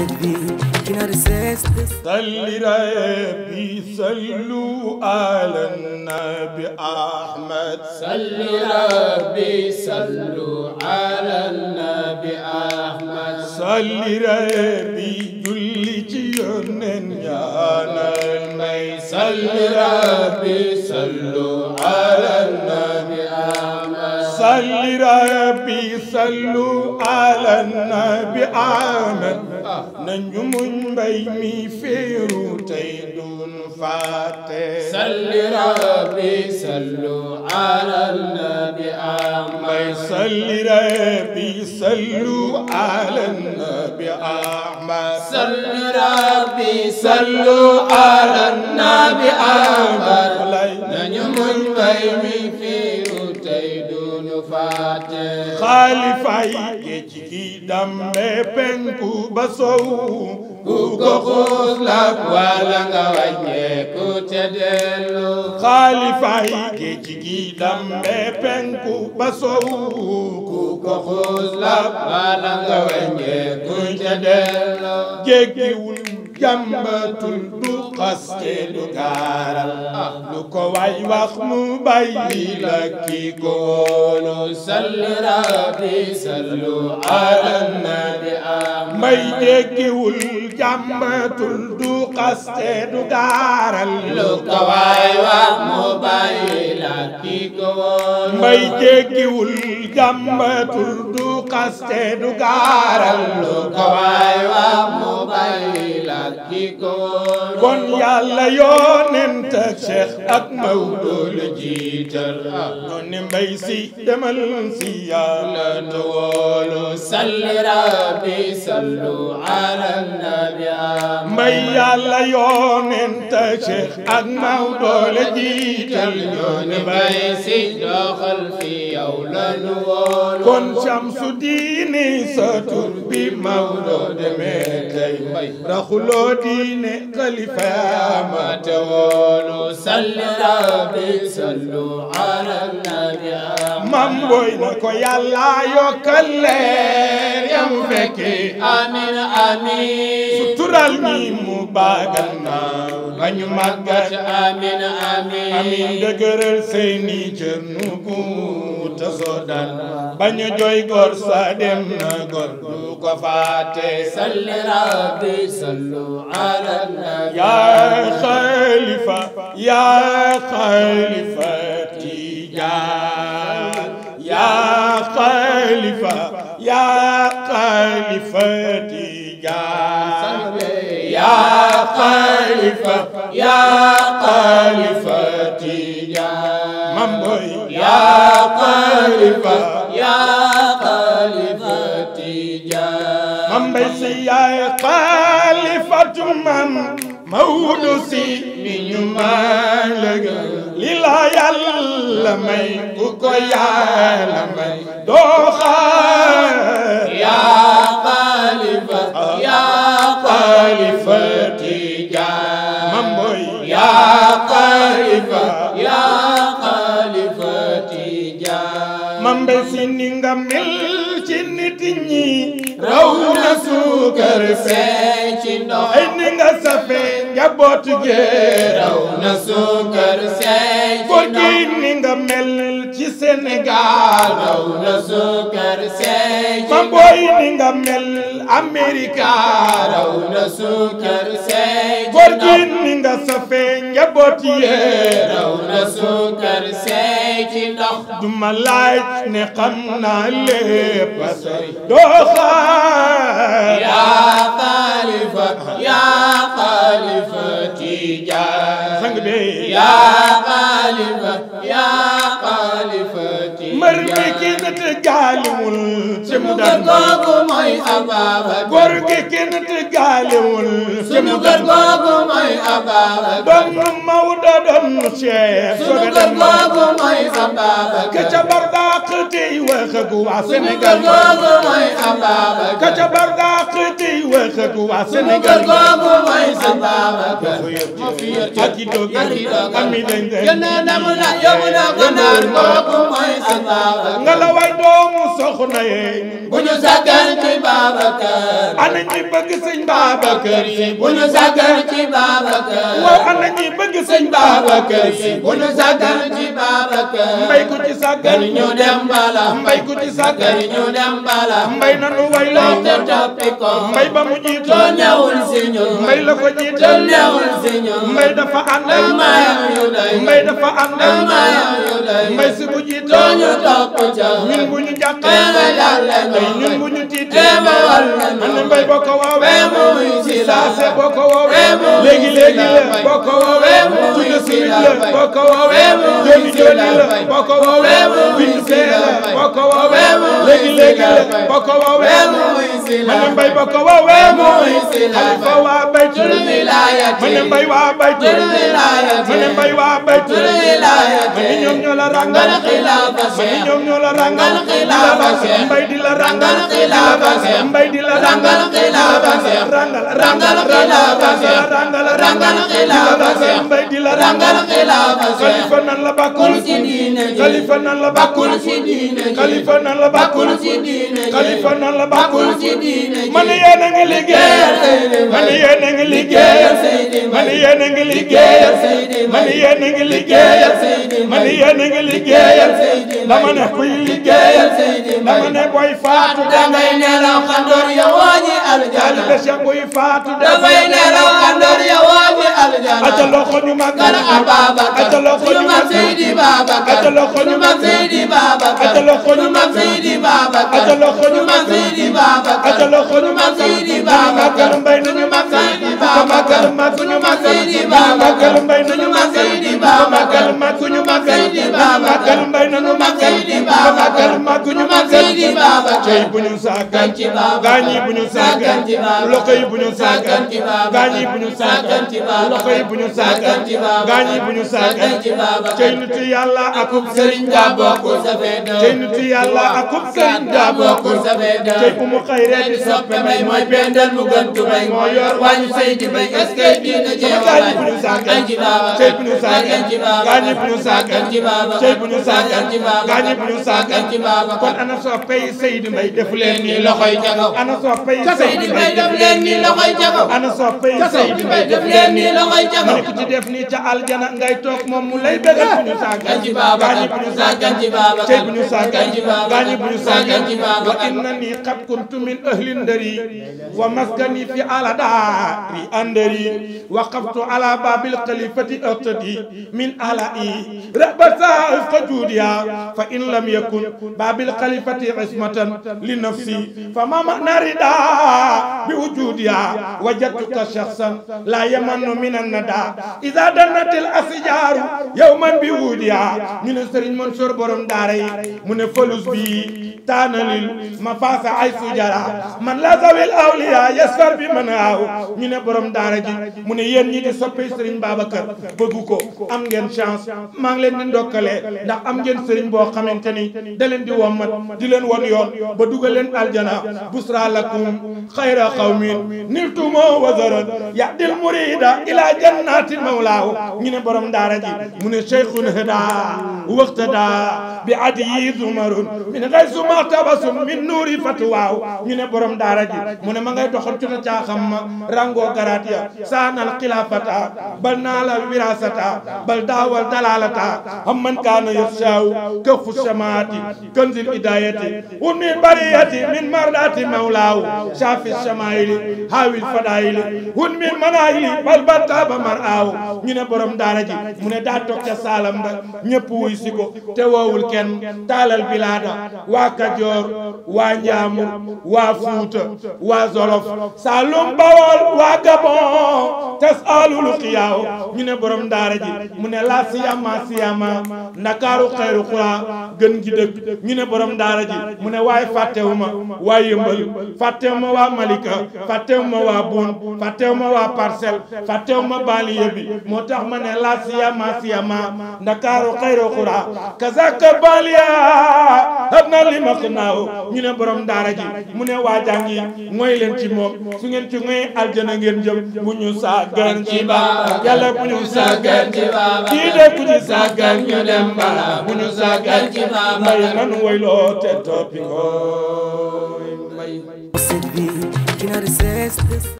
تدبي كنار سيسلس صلي ربي صلوا على النبي أحمد صلي ربي صلوا على النبي أحمد صلي ربي جل جيونن يا نلمي صلي ربي صلوا على النبي أحمد صلي ربي صلوا على النبي أحمد nañu muñ mbay mi féeru tey duun faate salli rabbi sallu ala rabbi sallu ala nabi ahmad salli rabbi xaalifay e ku ko xuus lak wala nga wàññeeku e ku ko jàmbatul du xaste du gaaral lu ko way wax mu bàyyi la ki koonu salli rabbi sallu ala nabi may déggiwul jàmbatul du xaste du gaaral lu ko wax mu bàyyi la ki koonu mbay jéggiwul jàmbatul du xaste du gaaral lu ko waay waa mu bàyyi la ki ko kon yàlla yonent ak Cheikh ak Maodo la jiital ñoo ne mbay si demal si yàlla tu woolu salli rabbi sallu ala nabi mbay yàlla yonent ak Cheikh ak Maodo la jiital ñoo ne mbay si dox kon Shamsu diine sa tur bi Maodo demee tey raxuloo diine xalifa yaa te woonu salli rabbi sallu ala nabi mam boy na ko yàlla yokkal leer yam amin amin ni mu baagal naa ba ñu màggat amiin amiin amiin dëgëral sëy ni cër nu ku tasoo dal ba ñu jooy góor sa dem na góor du ko faate salli rabbi sallu ala nabi yaa xalifa yaa xalifa موي يا خليفة يا خليفة تجاه من بيسي يا خليفة من مولوسي من يمالك للا يلا مي كوكو يلا مي دوخا ma ci nit ci ndox ay ni nga safe njaboot ge ni nga mel na ci ndox ma booy ni nga mel Amérique njaboot yee raw na suukar seey ci ndox du ma laaj ne xam naa lépp a sori doo xaar yaa xalifa yaa xalifa Tijaan sang bi yaa xalifa yaa xalifa Tijaan mar mi kenn te jaalimul ci mu daan góor gi kenn te jaalewul sunu googu mooy ababa doomu Maodo doomu Cheikh sunu kër googu googu mooy ababa ka ca bardaq tey wax ak waa googu mooy ababa ak i doog ami dañ dañ gëna googu mooy ababa nga la way doomu soxna ye bu ñu sàggan ci Babacar Si bu nu sàggan ci Babacar waaw ana ñi bëgg sëñ Babacar Si bu nu sàggan ci Babacar mbay ku ci sàggan ñu dem bala mbay ku ci sàggan ñu dem bala mbay nanu way la te toppi ko mbay ba mu jiitu ñewul si ñun mbay la ko jiitu ñewul si ñun mbay dafa ànd ak maayam yu day mbay dafa ànd ak maayam yu day mbay si bu jiitu ñu topp ca ñun bu ñu jàppee ñun bu ñu jéema wal nañu ana mbay boo ko woowee mu wuy si la saase boo ko woowee mu wuy léegi léegi la boo ko woowee mu wuy si la bay boo ko woowee mu wuy si la bay boo ko woowee mu wuy si la bay boo ko woowee mu wuy si la bay boo ko woowee mu wuy si la bay ana mbay boo ko woowee mu wuy si la bay xalifa waa baytu wilaayati ana mbay waa baytu wilaayati ana mbay waa baytu wilaayati ana ñoom ñoo la rangal xilaafa cheikh ana ñoom ñoo la rangal xilaafa cheikh mbay di rangal xilaafam ya rangal xilaafam ya tàngal xilaafa xalifa nan la bàkkul ci diine ji xalifa nan la bàkkul ci diine ji xalifa nan la bàkkul ci diine ji xalifa nan la bàkkul ci diine ji man yéen a ngi liggéeyal man yéen a ngi liggéeyal man yéen a ngi liggéeyal man yéen a ngi liggéeyal man yéen a ngi liggéeyal dama ne kuy liggéeyal dama ne booy faatu dangay nelaw xandoor ya wàññi aljana dafay nelaw xandoor aca loxo ñu màggal Ababacar aca loxo ñu mag a Babacar aca loxo ñu mag Seydi Babacar aca loxo ñu mag Seydi Babacar aca loxo ñu mag Seydi Babacar aca loxo tey bu ñu sàggan ci baaba gaañ yi bu ñu sàggan ci baaba loxo yi bu ñu sàggan ci baaba gaañ yi bu ñu sàggan ci baaba loxo yi bu ñu sàggan ci baaba gaañ yi bu ñu sàggan ci baaba tey nit yàlla akub sëriñ daa bokkul sa fedda tey nit yàlla akub sëriñ daa bokkul sa fedda tey bu mu xëy rek di soppe may mooy pendal mu gën tu may moo yor wàññi say di may est-ce que dina jeex gaañ bu ñu sàggan ci baaba tey bu ñu sàggan ci baaba gaañ yi bu ñu sàggan ci baaba tey bu ñu sàggan ci baaba gaañ yi bu ñu sàggan ci baaba kon ana soppe yi Seydi Mbaye def leen ni loxoy jagaw ana soppay Seydi Mbaye def leen ni loxoy jagaw ana soppay Seydi Mbaye def leen ni loxoy jagaw ku ci def ni ca aljana ngay toog moom mu lay bégal eh, bu ñu saagan ci baaba bu ñu saagan ci baaba tey bu ñu saagan ci baaba gaañi bu ñu saagan ci baaba wa inna ni qad kuntu min ahli ndari wa maskani fi ala daari andari waqaftu ala babil khalifati aqtadi min ala'i rabba sa'a qajud ya fa in lam yakun babil khalifati ismatan لنفسي فما معنى رضا بوجودها وجدتك شخصا لا يمن من الندى إذا دنت الأشجار يوما بوجودها من سرين منصور برم داري من فلوس بي تانا للمفاس عيس جرى من لا ذوي الأولياء يسفر بمن هاو من برم داري من ينجي دي سبي سرين بابكر بغوكو am ngeen chance maa ngi leen di ndokkale ndax am ngeen sëriñ boo xamante ni da leen di wommat di leen won yoon ba dugal leen aljana busra lakum xayra qawmin niltumo wazaran yahdil murida ila jannatin mawlaahu ñu ne borom daara ji mu ne cheikhun hada waxtada bi adiyi zumarun min gaysu ma tabasum min nuuri fatwaaw ñu ne borom daara ji mu ne ma ngay doxal cota caaxam ma rango garaat ya saanal xilafata bal naala wirasata bal daawal dalalata amman kaana yafshaaw kafu samaati kanzil idayati برية من مرضات مولاه شاف الشمائل هاوي الفضائل هن من منايل بل بل تاب مرآه ñu ne borom daara ji mu ne daa toog ca saalam ba ñëpp wuy si ko te woowul kenn taalal bilaada waa Kajoor waa Njaamur waa Fuuta waa Zolof Saalum Bawol waa Gabon tasalulu xiyaaw ñu ne borom daara ji mu ne laa siyama siyama ndakaaru xayru xuraa gën gi ñu ne borom daara ji mu ne waay waaye fàttewuma waa yëmbal fàttewuma waa malika fàttewuma waa bon fàttewuma waa parcelle fàttewuma banlieue moo tax ma ne la siyama siyama ndakaaru xayro xura kazaka banlieue hab na li maq naaw ñu ne borom daara ji mu ne waa jàngi mooy leen ci moom su ngeen ci mooy aljana ngeen jëm bu ñu sàggan ci baaba yàlla bu ñu sàggan ci baaba kii de ku ñu sàggan ñu dem bala bu ñu sàggan ci baaba nanu woyloo te toppi Mbay